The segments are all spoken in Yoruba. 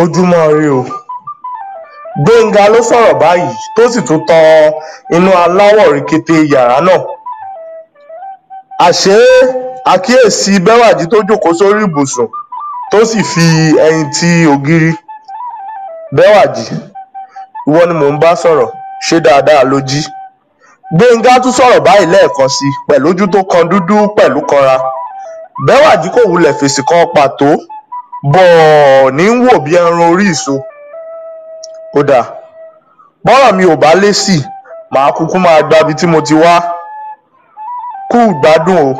ojúmọ́ ire o gbẹ̀ngà ló sọ̀rọ̀ báyìí tó sì tún tan iná aláwọ̀ rẹ̀kẹ̀tẹ̀ yàrá náà àṣé àkíyèsí bẹ́wàjí tó jókòó sórí ibùsùn tó sì fi ẹyin ti ògiri bẹ́wàjí ìwọ ni mò ń bá sọ̀rọ̀ ṣé dáadáa ló jí gbẹ̀ngà tún sọ̀rọ̀ báyìí lẹ́ẹ̀kan sí i pẹ̀lú ojú tó kan dúdú pẹ̀lú kanra bẹ́wàjí kò wulẹ̀ fèsì kan pàtó bọ̀ọ̀nì ń wò bí ẹran orí ìṣó ó dáa bọ́rọ̀ mi ò bá lé lésì màá kúkú máa gba ibi tí mo ti wá kú gbádùn o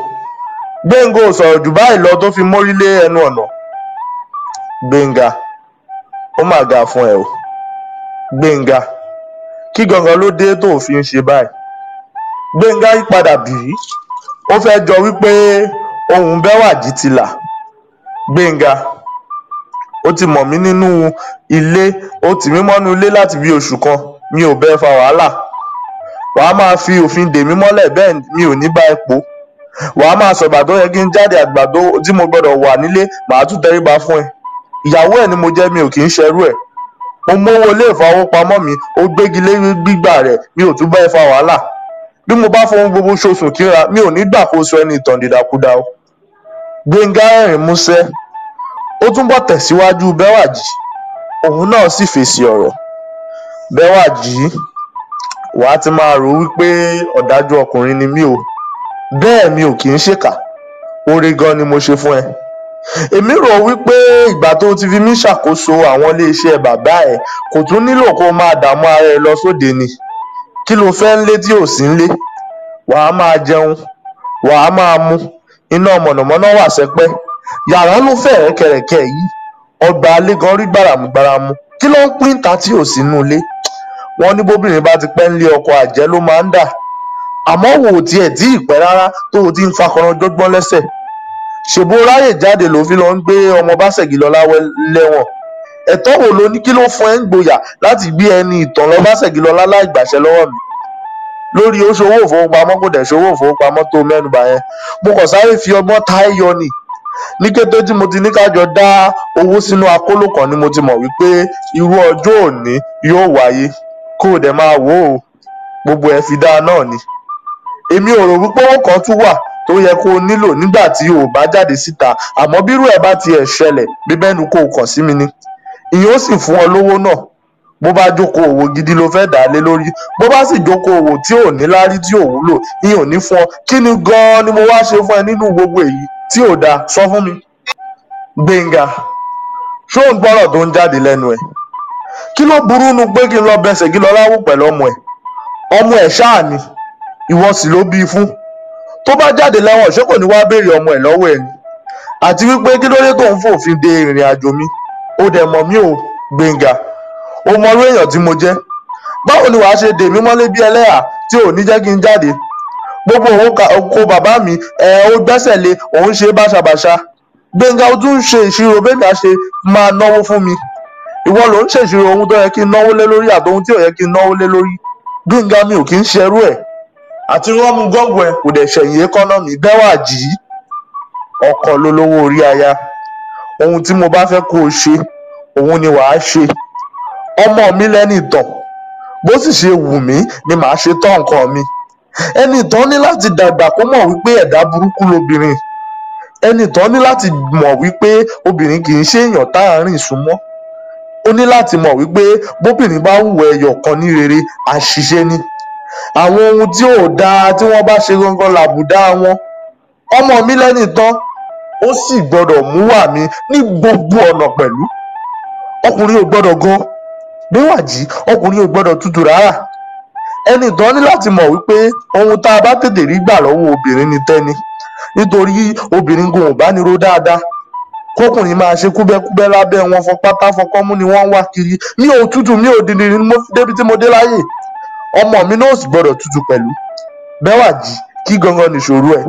gbẹ̀ngà ò sọ̀rọ̀ jù báyìí lọ tó fi mórí lé ẹnu ọ̀nà gbẹ̀ngà ó mà ga fún ẹ o gbẹ̀ngà kí gangan ló dé tó fi ń ṣe báyìí gbẹ̀ngà yípadà bì í ó fẹ́ jọ wípé ohun bẹ́wàjì ti là gbẹ̀ngà. ó ti mọ mí nínú ilé ó tì mí mọnú ilé láti bíi oṣù kan mi ò bá ẹ fa wàhálà wàá máa fi òfin dè mí mọlẹ bẹẹ mi ò ní bá ẹ pọ wàá máa sọgbà tó yẹ kí n jáde àgbà tó tí mo gbọdọ wà nílé màá tún tẹríba fún ẹ ìyàwó ẹ ni mo jẹ mi ò kì í ṣerú ẹ mo mówó ilé ìfowópamọ́ mi ó gbégi lé gbígbà rẹ mi ò tún bá ẹ fa wàhálà bí mo bá fohun gbogbo ṣoṣù kíra mi ò ní gbàkóso ẹni ìtàn dìdàkudà o gbẹngà ẹrìn músẹ ó túbọ̀ tẹ̀síwájú bẹ́wàjí òun náà sì fèsì ọ̀rọ̀ bẹ́wàjí wàá ti máa rò wípé ọ̀dájú ọkùnrin ni mí o bẹ́ẹ̀ mi ò kì í ṣèkà oore gan ni mo ṣe fún ẹ èmi rò wípé ìgbà tó ti fi mí ṣàkóso àwọn iléeṣẹ́ bàbá ẹ kò tún nílò kó máa dààmú ara ẹ lọ sóde ni kí ló fẹ́ ń lé tí ò sí ń lé wàá máa jẹun wàá máa mu iná mọ̀nàmọ́ná wà sẹ́pẹ́ yàrá ló fẹrẹ kẹrẹkẹ yìí ọgbà alẹ gan rí gbàràmùgbàràmù kí ló ń pín ta tí ò sínú ilé wọn ní bóbìnrin bá ti pẹ́ ńlé ọkọ àjẹ́ ló máa ń dà àmọ́ wò ó tiẹ̀ tí ì pẹ́ rárá tó o ti ń fakọ̀ràn jọgbọ́n lẹ́sẹ̀ ṣèbó ráyè jáde ló fi lọ ń gbé ọmọ báṣẹ̀gì lọ láwẹ́ lẹ́wọ̀n ẹ̀tọ́ wo ló ní kí ló fún ẹ ń gboyà láti gbé ẹni ìtàn lọ báṣẹ̀gì lọ láláì gbàṣẹ lọ́wọ́ mi lórí ó ṣòwò ìfowópamọ́ kò dẹ̀ ṣòwò ìfowópamọ́ tó mẹ́nuba yẹn mo kàn sáré fi ọgbọ́n ta ẹ́ yọ ni ní kété tí mo ti ní ká jọ dá owó sínú akóló kan ni mo ti mọ wípé irú ọjọ òní yóò wáyé kó o dẹ máa wò ó gbogbo ẹ fi dáa náà ni èmi ò rò wípé owó kan tún wà tó yẹ kó o nílò nígbà tí o bá jáde síta àmọ bírú ẹ bá tiẹ ṣẹlẹ bíbẹnu kó o kàn sí mi ni ìyẹn ó sì fún ọ lówó náà bó bá jókòó òwò gidi ló fẹẹ dá lé lórí bó bá sì jókòó òwò tí ò níláárí tí ò wúlò ìyẹn ò ní fún ọ kí ni ganan ni mo wá ṣe fún ẹ nínú gbogbo èyí tí ò dáa sọ fún mi. gbẹ̀ngà ṣó ń gbọ́rọ̀ tó ń jáde lẹ́nu ẹ̀ kí ló burú nu pé kí n lọ bẹsẹ̀ kí lọ láwù pẹ̀lú ọmọ ẹ̀ ọmọ ẹ̀ ṣáà ni ìwọ sì ló bí i fún tó bá jáde lẹ́wọ̀n ṣé kò ní wá béèrè ọmọ ẹ̀ lọ́wọ́ ẹ̀ ni àti wípé kí ló dé tó ń fòfin de ìrìn àjò mi ó dẹ̀ mọ̀ mí ò gbẹ̀ngà o mọrú èèyàn tí mo jẹ́ báwo ni wàá ṣe dè mí mọ́lé bí ẹlẹ́hà tí ò ní jẹ́ kí n jáde gbogbo òun kò bàbá mi ẹ̀ ó gbẹ́sẹ̀ lé òun ṣe báṣabàṣa gbẹ̀ngà ó tún ń ṣe ìṣirò bẹ́ẹ̀ni a ṣe máa náwó fún mi ìwọ ló ń ṣèṣirò ohun tó yẹ kí n náwó lé lórí àti tí ò yẹ kí n náwó lé lórí gbẹ̀ngà mi ò kí ń ṣerú ẹ̀ àti rọ́ọ̀mù gọ́ọ̀gù ẹ̀ kò dẹ̀ ṣẹ̀yìn ẹkọ́nọ́mì bẹ́wà jì í ọkọ̀ lolówó orí aya ohun tí mo bá fẹ́ kó o ṣe òun ni wàá ṣe ọmọ mi lẹ́ni ìtàn bó sì ṣe wù mí ni màá ṣe tọ́ nǹkan mi ẹni ìtàn ní láti dàgbà kó mọ̀ wípé ẹ̀dá burúkú lobìnrin ẹni ìtàn ní láti mọ̀ wípé obìnrin kì í ṣe èèyàn tá à ń rìn súnmọ́ ó ní láti mọ̀ wípé bóbìnrin bá hùwà ẹyọ kan ní rere àṣìṣe ni àwọn ohun tí ò dáa tí wọ́n bá ṣe gangan làbùdá wọn ọmọ mi lẹ́ni ìtàn ó sì gbọ́dọ̀ mú wà mí ní gbogbo ọ̀nà pẹ̀lú ọkùnrin ò gbọ́dọ̀ gan níwájú ọkùnrin ò gbọdọ̀ tutù rárá ẹnì kan ní láti mọ̀ wípé ohun tá a bá tètè rí gbà lọ́wọ́ obìnrin ni tẹ́ni nítorí obìnrin gan ò bá ní ro dáadáa kọkùnrin máa ṣe kúbẹ́kúbẹ́ lábẹ́ wọn fọpátá fọkọ́mú ni wọ́n ń wá kiri mi ò tutù mi ò dìndìnrín ni mo fi débi tí mo dé láyè ọmọ mi náà sì gbọdọ̀ tutù pẹ̀lú Bẹ́wàjí kí gangan nìṣòro ẹ̀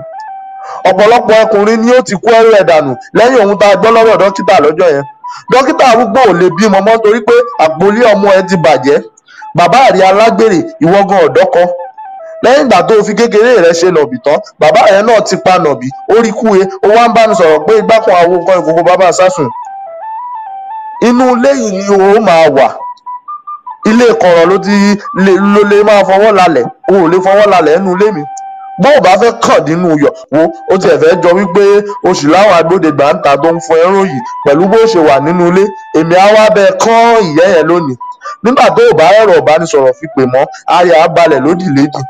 ọ̀pọ̀lọpọ̀ ọkùnrin ni ó ti kú ẹrú ẹ̀ dànù lẹ́yìn ohun tá a gbọ́ lọ́wọ́ dókítà lọ́jọ́ yẹn dókítà arúgbó ò lè bímọ mọ́ torí pé àpòlé ọmọ ẹ ti bàjẹ́ bàbá rẹ alágbèrè ìwọ́gan ọ̀dọ́kọ lẹ́yìn ìgbà tó o fi kékeré rẹ ṣe nọ̀bì tán bàbá rẹ náà ti pa nọ̀bì ó rí kúwe ó wá ń bá mi sọ̀rọ̀ pé igbákan àwọn nǹkan ìkókó bàbá sásùn inú ilé yìí ni o máa wà ilé kọ̀rọ̀ ló ti lè máa fọwọ́ lálẹ̀ o ò lè fọwọ́ lálẹ̀ nínú ilé mi bó o bá fẹ́ kàn nínú yọ̀ wo ó tiẹ̀ fẹ́ jọ wípé oṣù láwọn agbódegbà ń ta tó ń fún ẹrún yìí pẹ̀lú bó ṣe wà nínú ilé èmi á wá bẹ́ẹ̀ kán ìyẹ́ yẹn lónìí nígbà tó o bá ẹ̀rọ ìbánisọ̀rọ̀ fi pè mọ́ ayà á balẹ̀ lódì lédì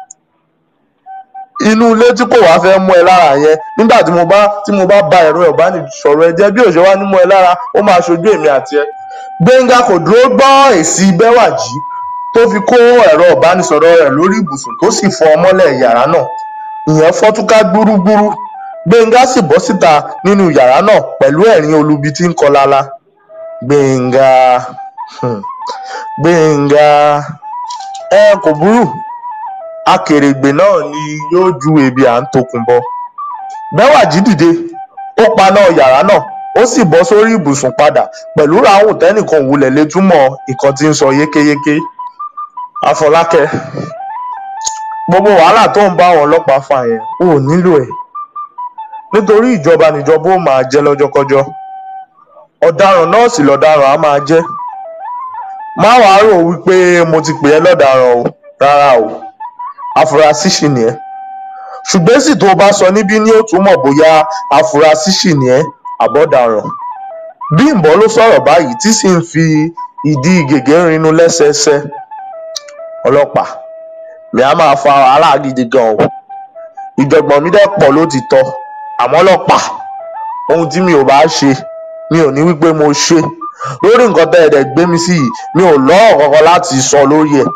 inú ilé tí kò wá fẹ́ mú ẹ lára yẹn nígbà tí mo bá tí mo bá ba ẹ̀rọ ìbánisọ̀rọ̀ ẹ jẹ́ bí òṣè wá ní mú ẹ lára ó máa ṣojú èmi àti ẹ Gbénga kò dúró gbọ́ èsì Bẹ́wàjí tó fi kó ẹ̀rọ ìbánisọ̀rọ̀ rẹ̀ lórí ibùsùn tó sì fọ́ ọmọlẹ̀ yàrá náà ìyẹn fọ́ túká gbúgbúrú gbẹngà sì bọ síta nínú yàrá náà pẹlú ẹrín olubi tí ń kọ lala gbẹngà um hmm, gbẹngà um kò burú akèrègbè náà ni yóò ju ebi à ń tokùn bọ bẹwàjì dìde ó paná yàrá náà ó sì bọ sórí ibùsùn padà pẹlú ráhùn tẹnìkan òwúlẹ lè túmọ nǹkan tí ń sọ yékéyéké àfọlákẹ gbogbo wàhálà tó ń bá àwọn ọlọ́pàá fà yẹn ò nílò ẹ̀ nítorí ìjọba níjọba ó máa jẹ́ lọ́jọ́kọ́jọ́ ọ̀daràn náà sì lọ́daràn á máa jẹ́ má wàá rò wípé mo ti pè ẹ́ lọ́daràn o rárá o afurasí sì ni ẹ́ ṣùgbọ́n èsì tó o bá sọ níbí ni ó tún mọ̀ bóyá afurasí sì ni ẹ́ àbọ̀daràn Bímbọ́ ló sọ̀rọ̀ báyìí tí sì ń fi ìdí gègé rinnu lẹ́sẹẹsẹ ọlọ́pàá mi a máa fa wàhálà gidi gan o ìjọ̀gbọ̀n mi dẹ̀ pọ̀ lótìítọ́ àmọ́ ọlọ́pàá ohun tí mi ò bá ṣe mi ò ní wípé mo ṣe lórí nǹkan tẹ́ ẹ dẹ̀ gbé mi sí yìí mi ò lọ́rọ̀ kankan láti sọ lórí ẹ̀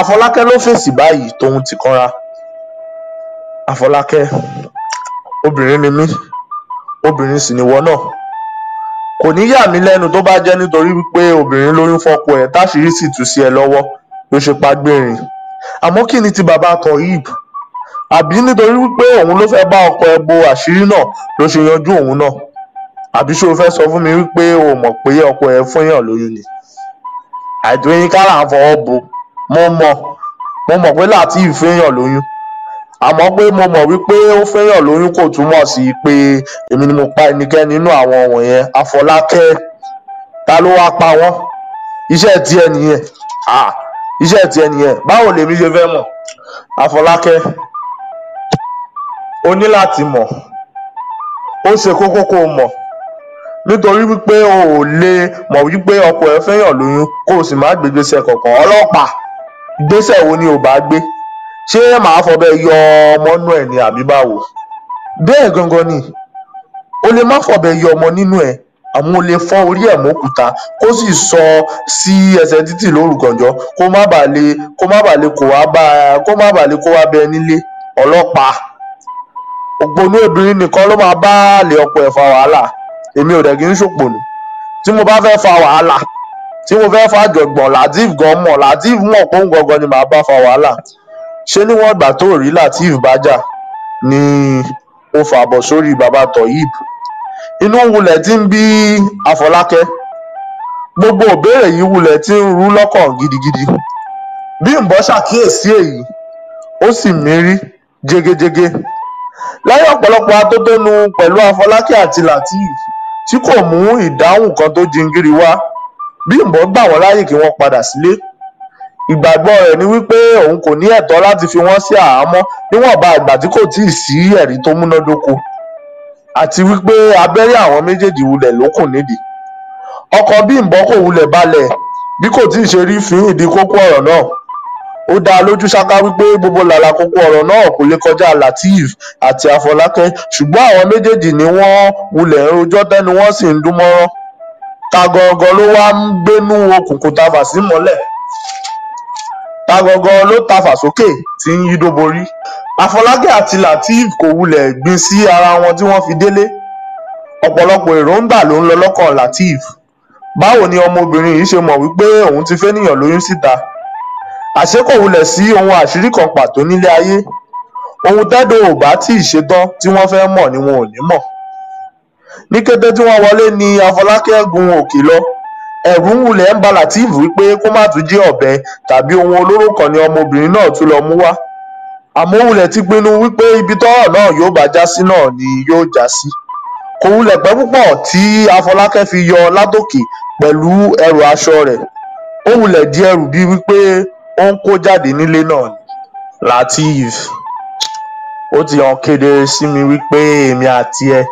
Afọlákẹ́ ló fèsì báyìí tóun ti kanra Afọlákẹ́ obìnrin ni mí obìnrin sì ni wọ́n náà kò ní yà mí lẹ́nu tó bá jẹ́ nítorí wípé obìnrin lóyún fọ́pọ̀ ẹ̀ táṣìírí sì tú sí ẹ lọ́wọ́ ló ṣe pa gbẹ̀rìn àmọ́ kín ní ti bàbá toheeb àbí nítorí wípé òun ló fẹ́ẹ́ bá ọkọ ẹ̀ bo àṣírí náà ló ṣe yanjú òun náà àbí ṣé o fẹ́ẹ́ sọ fún mi wípé o mọ̀ pé ọkọ ẹ̀ fúnyàn lóyún ni àìtó yín ká là ń fọwọ́ bo mo mọ̀ mo mọ̀ pé láti ìfẹ́yàn lóyún àmọ́ pé mo mọ̀ wípé ó fẹ́yàn lóyún kò túmọ̀ sí pé èmi ni mo pa ẹnikẹ́ni nínú àwọn wọ̀nyẹn àfọlákẹ́ ta ló wáá pa wọ́n iṣẹ́ tiẹ̀ nìyẹn ah iṣẹ́ tiẹ̀ nìyẹn báwo lèmi ṣe fẹ́ mọ̀ àfọlákẹ́ o ní láti mọ̀ ó ṣe kókó kó o mọ̀ nítorí wípé o ò lè mọ̀ wípé ọkọ ẹ fẹ́yàn lóyún kó o sì má gbé gbèsè kankan ọlọ́pàá gbèsè wo ni ò bá gbé ṣé màá fọbẹ yọ ọmọ nú ẹ ní àbí báwo bẹ́ẹ̀ gangan ni o lè má fọbẹ yọ ọmọ nínú ẹ àmọ́ o lè fọ orí ẹ mọkùtà kó sì sọ ọ sí ẹsẹ títì lóru gànjọ kó má bàa lè kó má bàa lè kó wàá bá ẹ nílé ọlọpàá ògbónú obìnrin nìkan ló máa bá àlè ọkọ ẹ fa wàhálà èmi ò dẹ̀ kí n ṣòpònú tí mo bá fẹ́ fa wàhálà tí mo fẹ́ fa jọ̀gbọ̀n lateef gan mọ̀ lateef mọ̀ pé òun gangan ni màá bá fa wàhálà ṣé níwọ̀n ìgbà tó rí lateef bá jà ni ó fàbọ̀ sórí bàbá tohib inú wulẹ̀ ti ń bí àfọlákẹ́ gbogbo ìbéèrè yìí wulẹ̀ ti ń rú lọ́kàn gidigidi bímbọ ṣàkíyèsí èyí ó sì mírí jégéjégé lẹ́yìn ọ̀pọ̀lọpọ̀ atótónu pẹ̀lú àfọlákẹ́ àti lateef tí kò mú ìdáhùn kan tó jingiri wá bímbọ gbà wọ́n láàyè kí wọ́n padà sílé ìgbàgbọ́ rẹ̀ ni wípé òun kò ní ẹ̀tọ́ láti fi wọ́n sí àhámọ́ níwọ̀nba ìgbà tí kò tíì sí ẹ̀rí tó múnádóko àti wípé abẹ́rẹ́ àwọn méjèèjì wulẹ̀ ló kù nídìí ọkọ̀ bímbọ kò wulẹ̀ balẹ̀ bí kò tí ì ṣe rí fín ìdí kókó ọ̀rọ̀ náà ó dá a lójú ṣáká wípé gbogbo làlà kókó ọ̀rọ̀ náà kò lè kọjá lateef àti àfọlákẹ́ ṣùgbọ́n àwọn méjèèjì ni wọ́n wulẹ̀ ń rojọ́ tẹ́nu wọ́n sì ń dún mọ́rán ta gangan ló wá ń gbénú okùnkùn ta fà sí mọ́lẹ̀ ta gangan ló ta sókè tí ń yí dóborí àfọlábàbí àti lateef kò wulẹ gbin sí ara wọn tí wọn fi délé ọpọlọpọ èròǹgbà ló ń lọ lọkàn lateef báwo ni ọmọbìnrin yìí ṣe mọ wípé òun ti fẹnìyàn lóyún síta àṣé kò wulẹ sí ohun àṣírí kan pàtó nílé ayé ohun tẹdọ ò bá tí ì ṣetán tí wọn fẹẹ mọ ni wọn ò ní mọ ní kété tí wọn wọlé ni àfọlákẹ gun òkè lọ ẹrù ń wulẹ ń ba lateef wípé kó má tún jí ọbẹ tàbí ohun olóró kan ni ọmọbìnrin náà tún lọ mú wá àmọ ó wulẹ ti pinnu wípé ibi tọrọ náà yóò bá já sí náà ni yóò já sí kò wulẹ pẹ púpọ tí àfọlákẹ fi yọ látòkè pẹlú ẹrù aṣọ rẹ ó wulẹ di ẹrù bíi wípé ó ń kó jáde nílé náà ni lateef ó ti hàn kedere sí mi wípé èmi àti ẹ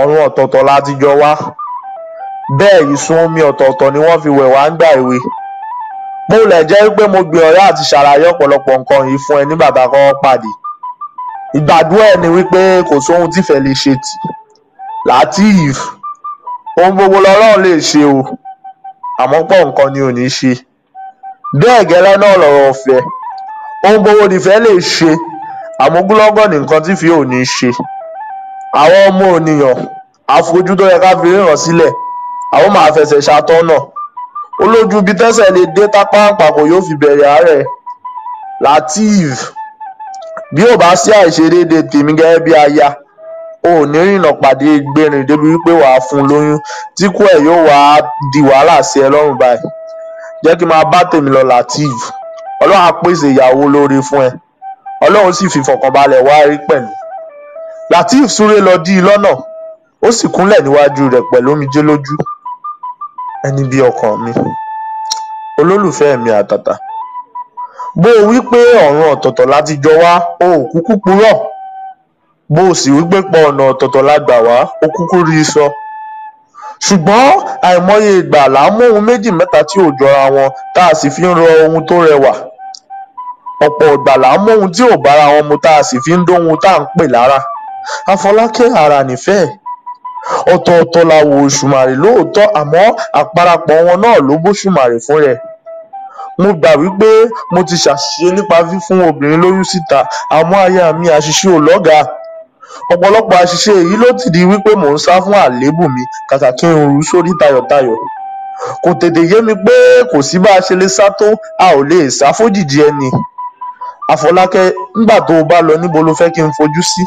ọrùn ọtọọtọ láti jọ wá bẹẹ ìsun omi ọtọọtọ ni wọn fi wẹ wá ń gbà ìwé Bó wulẹ̀ jẹ́ pé mo gbìyànjú àti ṣàlàyé ọ̀pọ̀lọpọ̀ nǹkan yìí fún ẹ nígbà tá a kọ́kọ́ pàdé. Ìgbàgbọ́ ẹ̀ ni wípé kò sóhun tífẹ̀ẹ́ lè ṣe tì. Lateef, ohun gbogbo lọ́lọ́run lè ṣe o, àmọ́ pọ̀ nǹkan ni ò ní ṣe. Bẹ́ẹ̀ gẹ́lẹ́ náà lọ̀rọ̀ ìfẹ́. Ohun gbogbo nìfẹ́ lè ṣe, àmọ́ ogúnlọ́gọ̀ ni nǹkan tífẹ̀ẹ́ ò ní ṣe. Àwa ọmọ ènìyàn, àfojú tó yẹ ká fi ríran sílẹ̀, a ó máa fẹsẹ̀ ṣatọ́nà olójú ibi tẹ́sẹ̀ lè dé tápá àpapọ̀ yóò fi bẹ̀rẹ̀ àárẹ̀ lateef bí ò bá sí àìṣedéédé tèmi gẹ́gẹ́ bí aya o ò ní rìnnà pàdé gbẹ̀rìn débi wípé wàá fún un lóyún tí kú ẹ̀ yóò wá di wàhálà sí ẹ lọ́rùn báyìí jẹ́ kí n máa bá tèmi lọ lateef ọlọ́run á pèsè ìyàwó lóore fún ẹ ọlọ́run sì fi fọkànbalẹ̀ wá rí pẹ̀lú lateef súré lọ dí i lọ́nà ó sì kúnlẹ̀ níwájú rẹ̀ pẹ̀lú omijé lójú ẹni bíi ọkàn mi olólùfẹ mi àtàtà bó o wí pé ọrun ọtọọtọ la ti jọ wá o ò kúkú purọ bó o sì wí pé pọ ọnà ọtọọtọ la gbà wá o kúkú rí i sọ ṣùgbọn àìmọye ìgbà là á mú ohun méjì mẹta tí ò jọra wọn tá a sì fi ń rọ ohun tó rẹwà ọ̀pọ̀ ìgbà là ń mú ohun tí ò bára wọn mu tá a sì fi ń dóhun tá à ń pè lára Afọlákẹ́ ara nìfẹ́ ọtọọtọ la wo òṣùmàrè lóòótọ àmọ àparapọ wọn náà ló bòṣùmàrè fúnrẹ mo gbà wípé mo ti ṣàṣìṣe nípa fífún obìnrin lóyún síta àmọ aya mi àṣìṣe ò lọgàá ọpọlọpọ àṣìṣe èyí ló ti di wípé mò ń sá fún àléébù mi kàkà kí n rú sórí tayọtayọ kò tètè yé mi pé kò sí bá a ṣe lè sá tó a ò lè sá fójìji ẹni àfọlákẹ ńgbà tó o bá lọ níbo lo fẹ kí n fojú sí. Si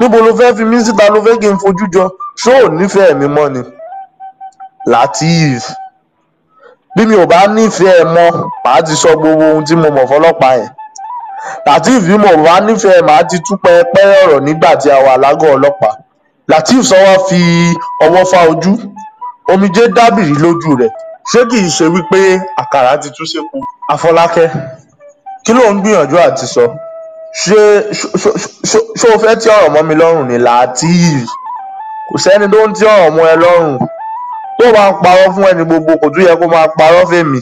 níbo ló fẹ́ẹ́ fi mí síta ló fẹ́ kí n fojú jọ ṣó ò nífẹ̀ẹ́ mi mọ́ ni Lateef bí mi ò bá nífẹ̀ẹ́ mọ́ màá ti sọ gbogbo ohun tí mo mọ̀ fọlọ́pàá yẹn Lateef bí mo bá nífẹ̀ẹ́ màá ti tú pẹpẹ ọ̀rọ̀ nígbà tí a wà lágọ̀ọ́ ọlọ́pàá Lateef Sọwọ́ fi ọwọ́ fa ojú omijé dábìrì lójú rẹ̀ ṣé kì í ṣe wípé àkàrà ti tú sépo Afọlákẹ́ kí ló ń gbìyànjú àti sọ ṣé ṣó o fẹ́ tí ọ̀rọ̀ mọ́ mi lọ́rùn ni Lateef kò sẹ́ni tó ń tí ọ̀rọ̀ mọ́ ẹ lọ́rùn tó máa ń parọ́ fún ẹni gbogbo kò tún yẹ kó máa parọ́ fèmí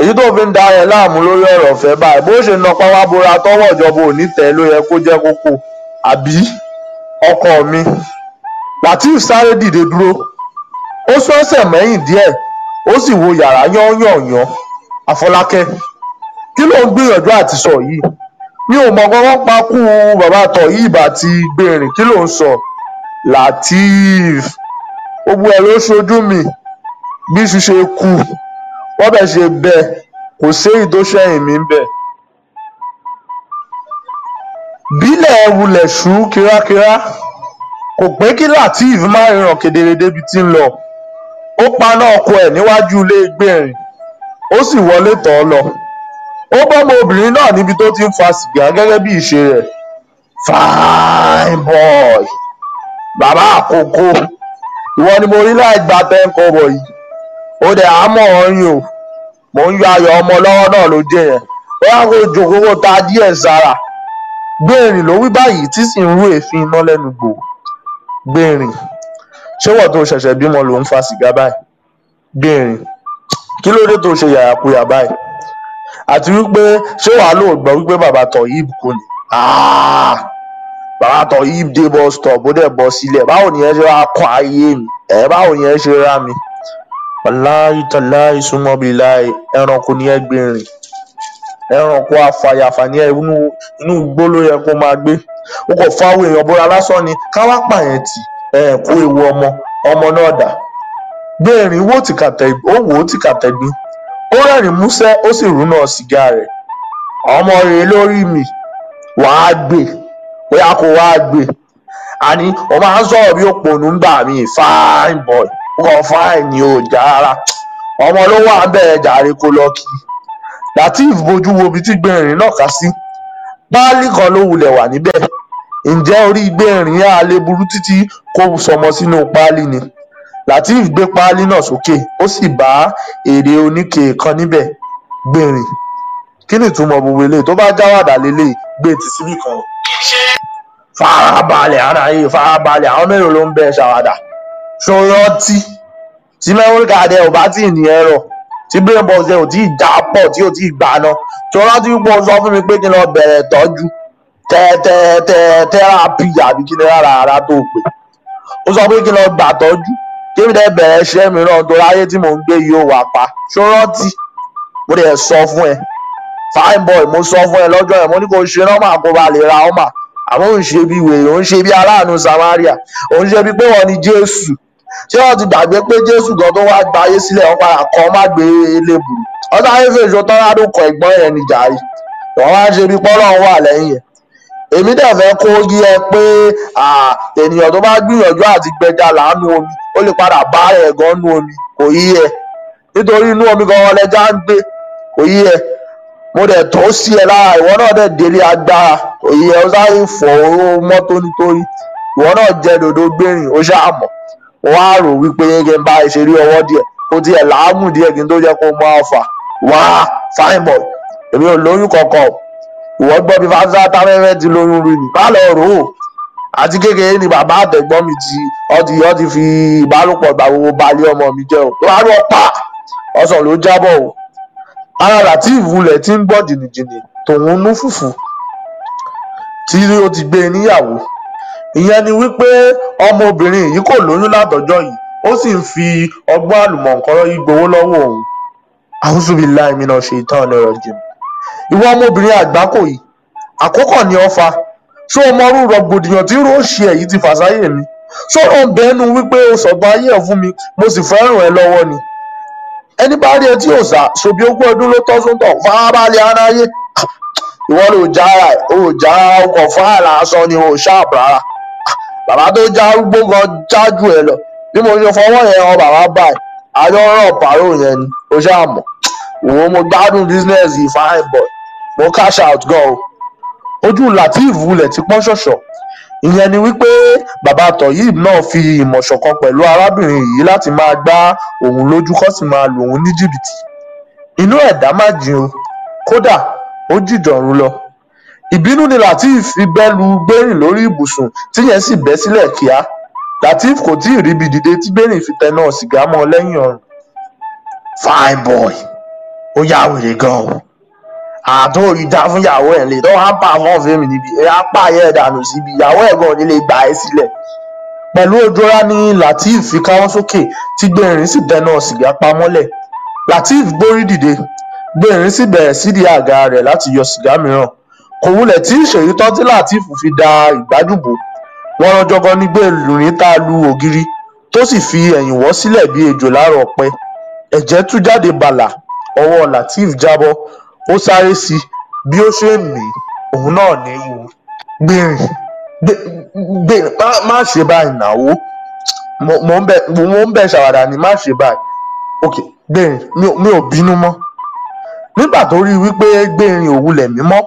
èyí tó fi ń da ẹ láàmú lórí ọ̀rọ̀ ọ̀fẹ́ báyìí bó ṣe nà pàwá bora tọ́wọ́ ìjọba ò ní tẹ̀ ló yẹ kó jẹ́ kókó àbí ọkọ mi Lateef sáré dìde dúró ó sún ẹsẹ̀ mẹ́yìn díẹ̀ ó sì wo yàrá yán yàn yán Àfọlákẹ́ kí ló ń gbìyànjú àti sọ yìí mi ò mọ nǹkan kan pa ikú bàbá tohééb àti gbẹ̀rìn kí ló ń sọ lateef gbogbo ẹ ló ṣojú mi bí iṣu ṣe kú wọn bẹ ṣe bẹ́ẹ̀ kò séyìí tó ṣẹ̀yìn mi bẹ́ẹ̀ bílẹ̀ wulẹ̀ ṣú kírákírá kò pé kí lateef má ríran kedere débi tí ń lọ ó paná ọkọ ẹ̀ níwájú ilé gbẹ̀rìn ó sì wọlé tọ̀ lọ ó bọ́mọ obìnrin náà níbi tó ti ń fa sìgá gẹ́gẹ́ bí ìṣe rẹ̀ fine boy bàbá àkókò ìwọ ni mo rí láì gba tẹ́ńkọ́ bọ̀ yìí ó dẹ̀ àmọ́ ọyìn o mò ń yọ ayọ̀ ọmọ lọ́wọ́ náà ló jẹ́ yẹn ó yà kó jòkówó ta díẹ̀ sára gbẹ̀rìn ló wí báyìí tí sì ń rú èéfín iná lẹ́nu gbò gbẹ̀rìn ṣé wọ́n tó ṣẹ̀ṣẹ̀ bímọ ló ń fa sìgá báyìí gbẹ̀rìn kí ló dé tó ṣe yàyàkuyà báyìí àti wípé ṣé wàá lò gbọ́ wípé bàbá tohib kò ní ah! bàbá tohib dé bus stop ó dẹ̀ bọ́ sílẹ̀ báwo ni ẹ ṣe wàá kọ ayé mi ẹ báwo ni ẹ ṣe rá mi wàláì tàláì súnmọ́ bíi láì ẹranko ni ẹ gbé rìn ẹranko àfàyàfà ni ẹ inú igbó ló yẹ kó máa gbé ó kò fáwọn èèyàn bóra lásán ni káwá pààyàn tì kó ewu ọmọ ọmọ náà dà gbé ìrìn wò ó wò ó tìkàtẹ ó rẹ́rìn-ín músẹ́ ó sì rúnná sìgá rẹ̀ ọmọ rèé lórí mi wàá gbé bóyá kó wàá gbé àní o máa ń sọ̀rọ̀ bí òpònú ń gbà mí fine boy kò fine ni ò já ọmọ ló wà bẹ́ẹ̀ jàre kó lọ kí Lateef bojú wo ibi tí gbẹ̀rìn náà kà sí páálí kan ló wulẹ̀ wà níbẹ̀ ǹjẹ́ orí gbẹ̀rìn á lè burú títí kó sọmọ sínú páálí ni. lateef gbé páálí náà sókè ó sì bá ère oníke kan níbẹ gbìnrín kí nìtumọ gbogbo eléyìí tó bá jáwàdà lélẹyìí gbé tì síbì kan farabalẹ̀ ara yìí farabalẹ̀ àwọn mélòó ló ń bẹ ṣàwàdà ṣòrántí tí memory card ẹ ò bá tí ì ní ẹrọ tí brain box ẹ ò tí ì já pọ̀ tí ò tí ì gbà náà ṣòrántí púpọ̀ sọ fún mi pé kí n lọ bẹ̀rẹ̀ tọ́jú tẹ́tẹ́tẹ́ tẹ́rápì àbí kí ni rárá ara tó pè ó sọ pé kí n lọ gbà tọ́jú David bẹ̀rẹ̀ iṣẹ́ mìíràn torí ayé tí mò ń gbé yìí ó wà pa ṣó rántí mo lè sọ fún ẹ fine boy mo sọ fún ẹ lọ́jọ́ yẹn mo ní kò ṣe nọ́mà kó ba lè ra ọmà àmọ́ òun ṣe bí wèrè òun ṣe bí aláàánú Samaria òun ṣe bí pé wọ́n ní Jésù ṣé wọ́n ti gbàgbé pé Jésù gan tó wá gba ayé sílẹ̀ wọ́n padà kọ́ má gbé elébù ọjọ́ ayé fèjò tán ládùn kọ ẹ̀gbọ́n yẹn níjà yìí wọ́n wá ń ṣe bí pọ́lọ́ wà lẹ́yìn yẹn èmi dẹ̀ fẹ́ kó yí ẹ pé ènìyàn tó bá gbìyànjú àti gbẹja láàánú omi ó lè padà bá rẹ̀ gan nu omi kò yí ẹ nítorí inú omi gan lẹja ń gbé kò yí ẹ mo dẹ̀ tó sí ẹ lára ìwọ náà dẹ̀ délé agbára kò yí ẹ ó sáré fọ̀ oró mọ́ tónítóní ìwọ náà jẹ dòdò gbẹ̀rìn ó ṣàmọ̀ wọ́n á rò wípé yẹn ń bá ìṣeré ọwọ́ díẹ̀ kó tiẹ̀ làámù díẹ̀ kí n tó jẹ́ kó mọ́ ọ̀fà wá fine boy èmi ò lóyún kankan ìwọ gbọ́ bí fásitì táwọn ẹ̀rẹ́ ti lóyún rí ni bá lọ rò ó àti kékeré ni bàbá àtẹ̀gbọ́n mi ti ọtí ọtí fi ìbálòpọ̀ ìgbà gbogbo balẹ̀ ọmọ mi jẹ́ o láàárọ̀ pa ọsàn ló jábọ̀ o ara láti ìwúlẹ̀ tí ń gbọ́ jìnnìjìnnì tòun nú fùfù tí ó ti gbé e níyàwó ìyẹn ni wípé ọmọbìnrin yìí kò lóyún látọjọ́ yìí ó sì ń fi ọgbọ́n àlùmọ̀ǹkọ́rọ́ yìí gbowó lọ́wọ́ òun àhúsùbíláì mi ṣe ìtàn ọ̀nà ọ̀rọ̀ jẹun ìwọ ọmọbìnrin àgbákò yìí àkókò ni ọ fa ṣó o mọrú rògbòdìyàn tí rò ṣe èyí ti fà sáyè mi sọ̀rọ̀ bẹ́ẹ̀nu wípé o sọ̀gbọ́n ayé ẹ̀ fún mi mo sì fẹ́ràn ẹ lọ́wọ́ ni ẹni bá rí ẹ tí ò sá ṣòbí ogún ọdún ló tọ́sùn tọ̀ fárábalẹ̀ aráyé ìwọ ló já ara ò já ọkọ̀ fáàlà aṣọ ni ò ṣáàpù rárá bàbá tó já arúgbó gan jájú ẹ lọ bí mo ṣe fọwọ́ yẹn ọ bàbá báyìí ayọ́ rọ̀ pàró yẹn ni o ṣáà mọ̀ òun mo gbádùn bísínẹ́sì fine boy mo cash out gan o ojú latif wulẹ̀ ti pọ́n ṣọ̀ṣọ̀ ìyẹn ni wípé bàbá tohééb náà fi ìmọ̀ ṣọ̀kan pẹ̀lú arábìnrin yìí láti máa gbá òun lójú kó sì máa lù ú ní jìbìtì inú ẹ̀dá má jìn o kódà ó jìjọ̀rùn lọ ìbínú ni lateef fi bẹ́ lu gbẹ̀rìn lórí ibùsùn tíyẹn sì bẹ́ sílẹ̀ kíá lateef kò tí ì ríbi dìde tí gbẹ̀rìn fi tẹná sìgá mọ́ lẹ́yìn ọrùn fine boy ó yá wèrè gan o àtúnrí dá fún ìyàwó ẹ̀ lè tó wá pa àwọn ọ̀fẹ́ mi níbi ẹ̀ á pààyẹ́ ẹ̀ dànù síbi ìyàwó ẹ̀gbọ́n nílé gbà ẹ́ sílẹ̀ pẹ̀lú ojora ní Lateef fi káwọ́ sókè tí Gbénrin sì dẹnu sìgá pamọ́lẹ̀ Lateef gbórí dìde Gbénrin sì bẹ̀rẹ̀ sídìí àga rẹ̀ láti yọ sìgá mìíràn kò wulẹ̀ tí ìṣèyí tán tí Lateef fi da ìgbádùbò wọn rọjọgọ ní Gbénrin tá a lu ògiri tó sì fi ẹ̀yìn wọ́ sílẹ̀ bí ejò láàrọ̀ ọ̀pẹ ẹ̀jẹ̀ tú jáde bàlà ọwọ́ Lateef jábọ́ ó sáré sí i bí ó ṣe ń mì í òun náà ní í wo gbìnrín gbìnrín má ṣe báyìí náwó mo ń bẹ ṣàwàdà ni má ṣe báyìí ok gbìnrín mi ò bínú mọ́ nígbà tó rí i wípé gbìnrín ò wulẹ̀ mí mọ́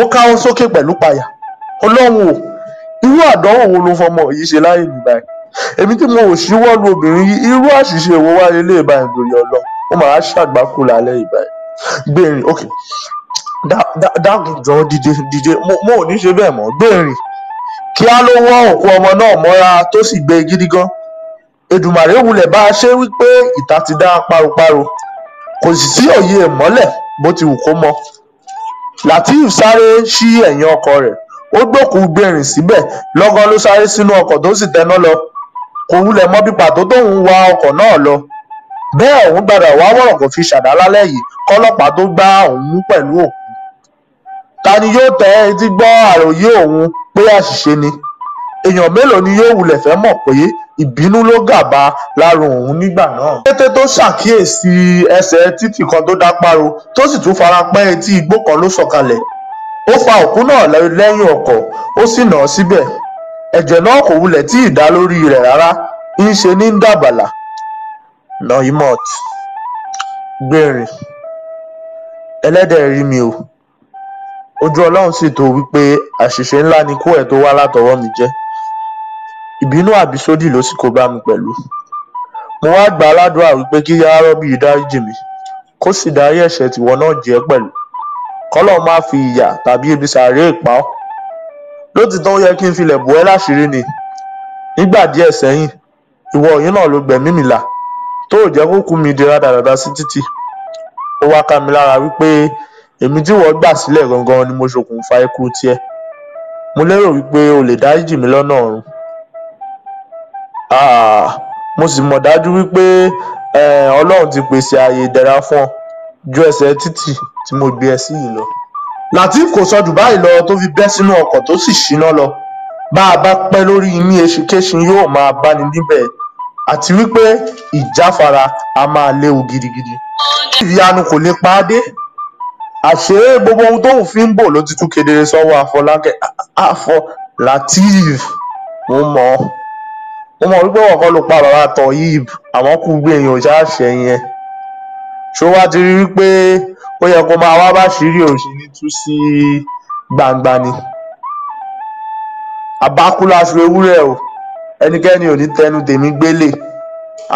ó káwọ́ sókè pẹ̀lú payà ọlọ́run o irú àdánwò wo ló fọmọ yìí ṣe láyé mi báyìí èmi tí mo ò ṣíwọ́ lu obìnrin yìí irú àṣìṣe wo wá lélẹ́yìí báyìí nítorí ọlọ́run ó máa ṣàgbákò lálẹ́ ìbáyìí gbèrìn ok dákun jọ dìde dìde mo ò ní ṣe bẹ́ẹ̀ mọ́ gbèrìn kíá ló wọ́ òkú ọmọ náà mọ́ra tó sì gbé gidi gan Èdùmàrè wulẹ̀ bá a ṣe wípé ìta ti dá paropáro kò sì sí òye ìmọ́lẹ̀ bó ti wù kó mọ Lateef sáré sí ẹ̀yìn ọkọ rẹ̀ ó gbókùú gbèrìn síbẹ̀ lọ́gán ló sáré sínú ọkọ̀ tó sì tẹná lọ kò wulẹ̀ mọ bí pàtó tóun wa ọkọ̀ náà lọ bẹ́ẹ̀ òun gbàdà wá wọ̀rọ̀ kò fi ṣàdá lálẹ́ yìí kọ́lọ́pàá tó gbá òun mú pẹ̀lú òkú ta ni yóò tẹ etí gbọ́ àròyé òun pé àṣìṣe ni èèyàn mélòó ni yóò wulẹ̀ fẹ́ mọ̀ pé ìbínú ló gàba lárùn òun nígbà náà. kété tó ṣàkíyèsí ẹsẹ̀ títì kan tó dápárò tó sì tún fara pẹ́ etí igbó kan ló sọ̀kalẹ̀ ó fa òkú náà lẹ́yìn ọkọ̀ ó sì nà á síbẹ̀ ẹ̀jẹ̀ náà kò wulẹ̀ tí ì dá lórí rẹ̀ rárá ń ṣe ní dàbàlà nahimot gbẹ̀rìn ẹlẹdẹ rí mi o ojú ọlọrun sì tó wí pé àṣìṣe ńlá ni ikú ẹ tó wá látọwọ mi jẹ ìbínú àbísódì ló sì kó bá mi pẹlú mo wáá gbà á ládùúrà wí pé kí árábì yìí dáríjì mi kó sì dárí ẹṣẹ tìwọ náà jẹ pẹlú kọlọ́run má fi ìyà tàbí ibi sàárè pa ọ lótìtọ́ ó yẹ kí n filẹ̀ bò ẹ́ láṣìírí ni nígbà díẹ̀ sẹ́yìn ìwọ yìí náà ló gbẹ̀mí mi là tó jẹ́ kó kú mi di rádaràda sí títì tó wá ká mi lára wípé èmi tí ìwọ gbà sílẹ̀ gangan ni mo ṣokùnfà ikú tiẹ̀ mo lérò wípé o lè dáríjì mí lọ́nà ọ̀run ah, mo sì mọ̀ dájú wípé eh, ọlọ́run ti pèsè ààyè ìdẹ̀ra fún ọ ju ẹsẹ̀ títì tí mo gbé ẹ sí yìí lọ. lateef kò sọ dubai lọ tó fi bẹ́ sínú ọkọ̀ tó sì ṣíná lọ bá a bá pẹ́ lórí imí eṣinkéṣin yóò máa báni níbẹ̀ àti wípé ìjáfara a máa léwu gidigidi ìyanu kò lè pa á dé àṣé gbogbo ohun tóun fi ń bò ló ti tú kedere sọ́wọ́ àfọlákẹ́ àfọlátìf mo mọ̀ ọ́ mo mọ̀ wípé wọ́n kọ́ ló pa bàbá tohib àmọ́ kù gbé èèyàn ṣáàṣẹ yẹn ṣó wá ti rí wípé ó yẹ kó máa wá bá ṣírí òṣì ní tú sí gbangba ni àbákú láṣọ ewúrẹ́ o ẹnikẹ́ni ò ní tẹnu tèmi gbélé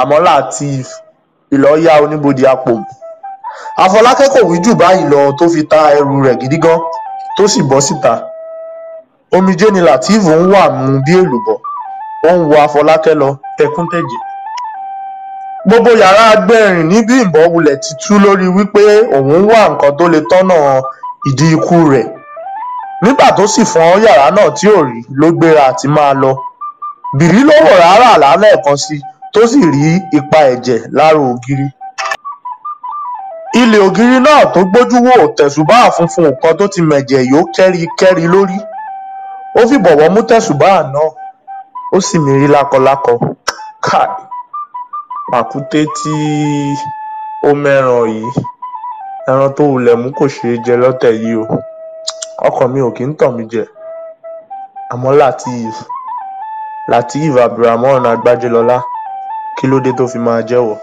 àmọ́ látìf ìlọ́yà oníbodè àpò àfọlákẹ́ kò wí jù báyìí lọ tó fi ta ẹrù rẹ̀ gidi tó sì bọ́ síta omijé ni látìf ń wà mú bí èlùbọ́ ó ń wo àfọlákẹ́ lọ tẹkúntẹ̀jẹ̀ gbogbo yàrá agbẹ́rìn ní Bímbọ́ wulẹ̀ ti tú lórí wípé òun wá nǹkan tó lè tọ́nà ìdí ikú rẹ̀ nígbà tó sì fọ́n yàrá náà tí ò rí ló gbéra àti máa lọ bílí ló wò ráúráú lẹ́ẹ̀kan sí i tó sì rí ipa ẹ̀jẹ̀ lára ògiri ilẹ̀ ògiri náà tó gbójú wò tẹ̀sùbáà funfun kan tó ti mẹ̀jẹ̀ yó kẹ́rikẹ́ri lórí ó fi bọ̀wọ̀ mú tẹ̀sùbáà náà ó sì mírí lákọlákọ káì pàkúté tí ó mẹ́ràn yìí ẹran tó wulẹ̀ mú kò ṣeé jẹ lọ́tẹ̀ yìí o ọkàn mi ò kì í tàn mí jẹ àmọ́ láti yìí lateef abdulrahman agbájúọlá kí ló dé tó fi máa jẹwọ